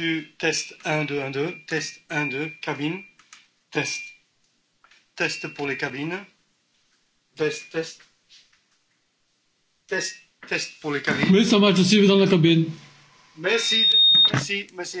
tu test 1, 2, 1, 2, test 1, 2, cabine, test. Test pour les cabines. Test, test. Test, test pour les cabines. marche aussi dans la cabine. merci, merci mersi.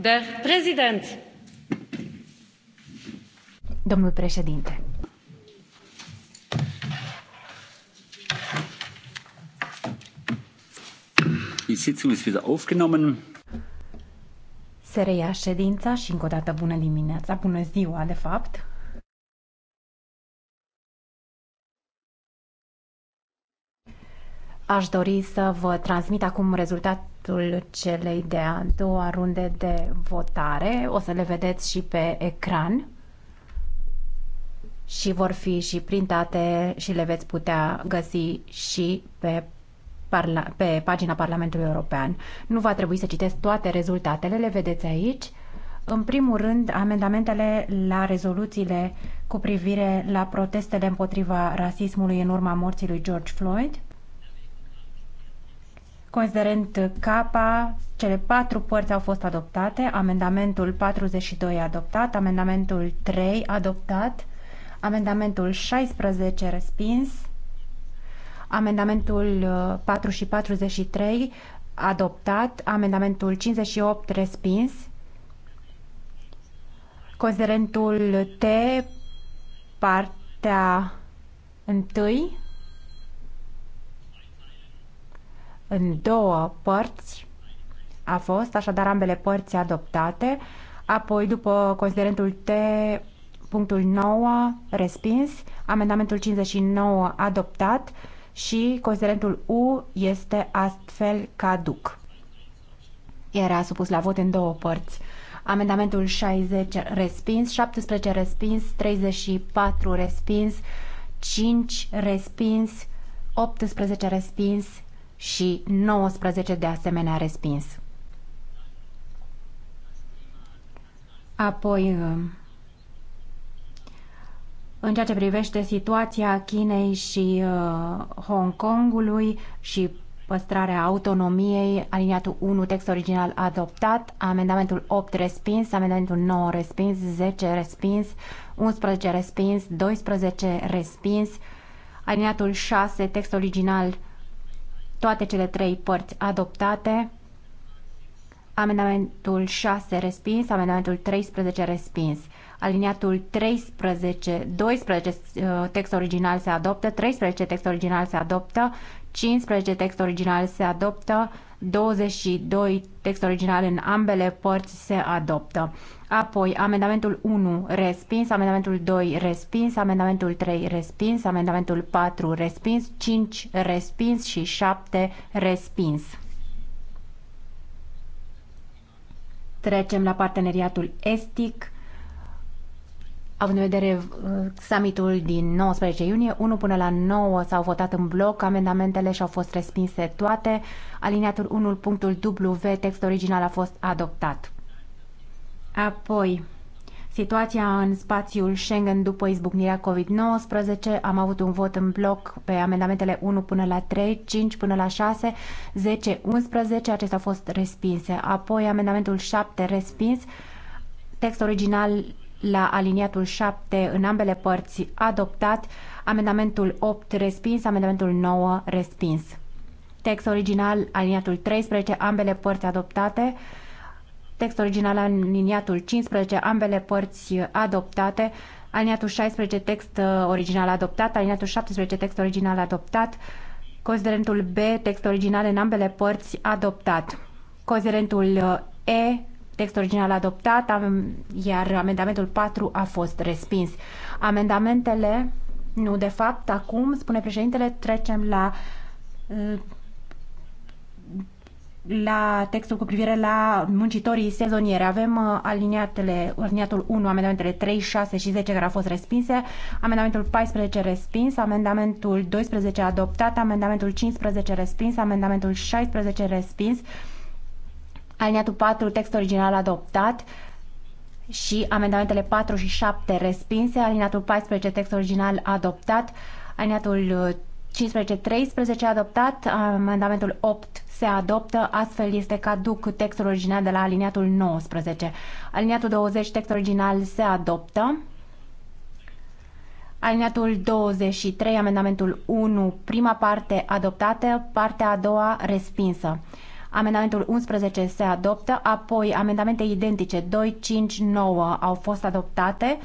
Der Präsident. Domnul președinte. Die Sitzung ist wieder aufgenommen. Se reia ședința și încă o dată bună dimineața, bună ziua de fapt. Aș dori să vă transmit acum rezultatul celei de-a doua runde de votare. O să le vedeți și pe ecran și vor fi și printate și le veți putea găsi și pe, parla- pe pagina Parlamentului European. Nu va trebui să citesc toate rezultatele, le vedeți aici. În primul rând, amendamentele la rezoluțiile cu privire la protestele împotriva rasismului în urma morții lui George Floyd – considerând K, cele patru părți au fost adoptate, amendamentul 42 adoptat, amendamentul 3 adoptat, amendamentul 16 respins, amendamentul 4 uh, și 43 adoptat, amendamentul 58 respins, considerentul T, partea 1, în două părți a fost, așadar ambele părți adoptate, apoi după considerentul T, punctul 9 respins, amendamentul 59 adoptat și considerentul U este astfel caduc. Era supus la vot în două părți. Amendamentul 60 respins, 17 respins, 34 respins, 5 respins, 18 respins, și 19 de asemenea respins. Apoi, uh, în ceea ce privește situația Chinei și uh, Hong Kongului și păstrarea autonomiei, aliniatul 1, text original adoptat, amendamentul 8 respins, amendamentul 9 respins, 10 respins, 11 respins, 12 respins, aliniatul 6, text original toate cele trei părți adoptate, amendamentul 6 respins, amendamentul 13 respins. Aliniatul 13, 12 uh, text original se adoptă, 13 text original se adoptă, 15 text original se adoptă, 22 text original în ambele părți se adoptă. Apoi, amendamentul 1 respins, amendamentul 2 respins, amendamentul 3 respins, amendamentul 4 respins, 5 respins și 7 respins. Trecem la parteneriatul estic. Având în vedere uh, summitul din 19 iunie, 1 până la 9 s-au votat în bloc, amendamentele și-au fost respinse toate, aliniatul 1, punctul W, text original a fost adoptat. Apoi, situația în spațiul Schengen după izbucnirea COVID-19, am avut un vot în bloc pe amendamentele 1 până la 3, 5 până la 6, 10, 11, acestea au fost respinse. Apoi, amendamentul 7 respins, text original la aliniatul 7 în ambele părți adoptat, amendamentul 8 respins, amendamentul 9 respins. Text original aliniatul 13, ambele părți adoptate, text original aliniatul 15, ambele părți adoptate, aliniatul 16 text uh, original adoptat, aliniatul 17 text original adoptat, considerentul B text original în ambele părți adoptat. Considerentul uh, E text original adoptat, am, iar amendamentul 4 a fost respins. Amendamentele, nu de fapt, acum, spune președintele, trecem la la textul cu privire la muncitorii sezonieri. Avem uh, aliniatele, aliniatul 1, amendamentele 3, 6 și 10 care au fost respinse, amendamentul 14 respins, amendamentul 12 adoptat, amendamentul 15 respins, amendamentul 16 respins, Alineatul 4, text original adoptat și amendamentele 4 și 7 respinse. Alineatul 14, text original adoptat. Alineatul 15-13 uh, adoptat, amendamentul 8 se adoptă, astfel este caduc textul original de la alineatul 19. Alineatul 20, text original se adoptă. Alineatul 23, amendamentul 1, prima parte adoptată, partea a doua respinsă. Amendamentul 11 se adoptă, apoi amendamente identice 2, 5, 9 au fost adoptate.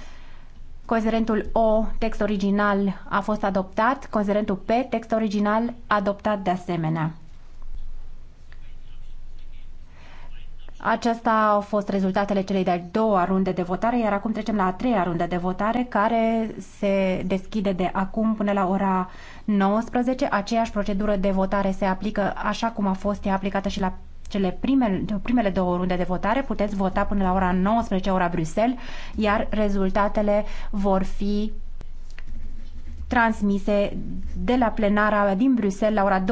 Considerentul O, text original, a fost adoptat. Considerentul P, text original, adoptat de asemenea. Acestea au fost rezultatele celei de-a doua runde de votare, iar acum trecem la a treia rundă de votare, care se deschide de acum până la ora 19. Aceeași procedură de votare se aplică așa cum a fost ea aplicată și la cele primele, primele două runde de votare. Puteți vota până la ora 19, ora Bruxelles, iar rezultatele vor fi transmise de la plenara din Bruxelles la ora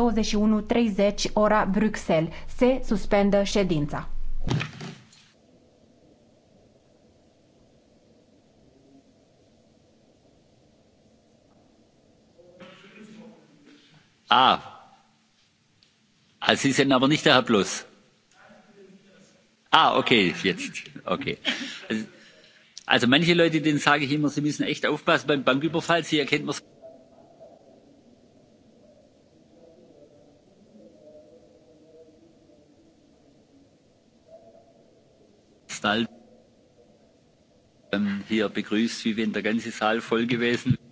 21.30, ora Bruxelles. Se suspendă ședința. Ah, Sie sind aber nicht der Herr Plus. Ah, okay, jetzt. Okay. Also, also manche Leute, denen sage ich immer, sie müssen echt aufpassen beim Banküberfall. Sie erkennt man Saal ähm, hier begrüßt, wie wenn der ganze Saal voll gewesen wäre.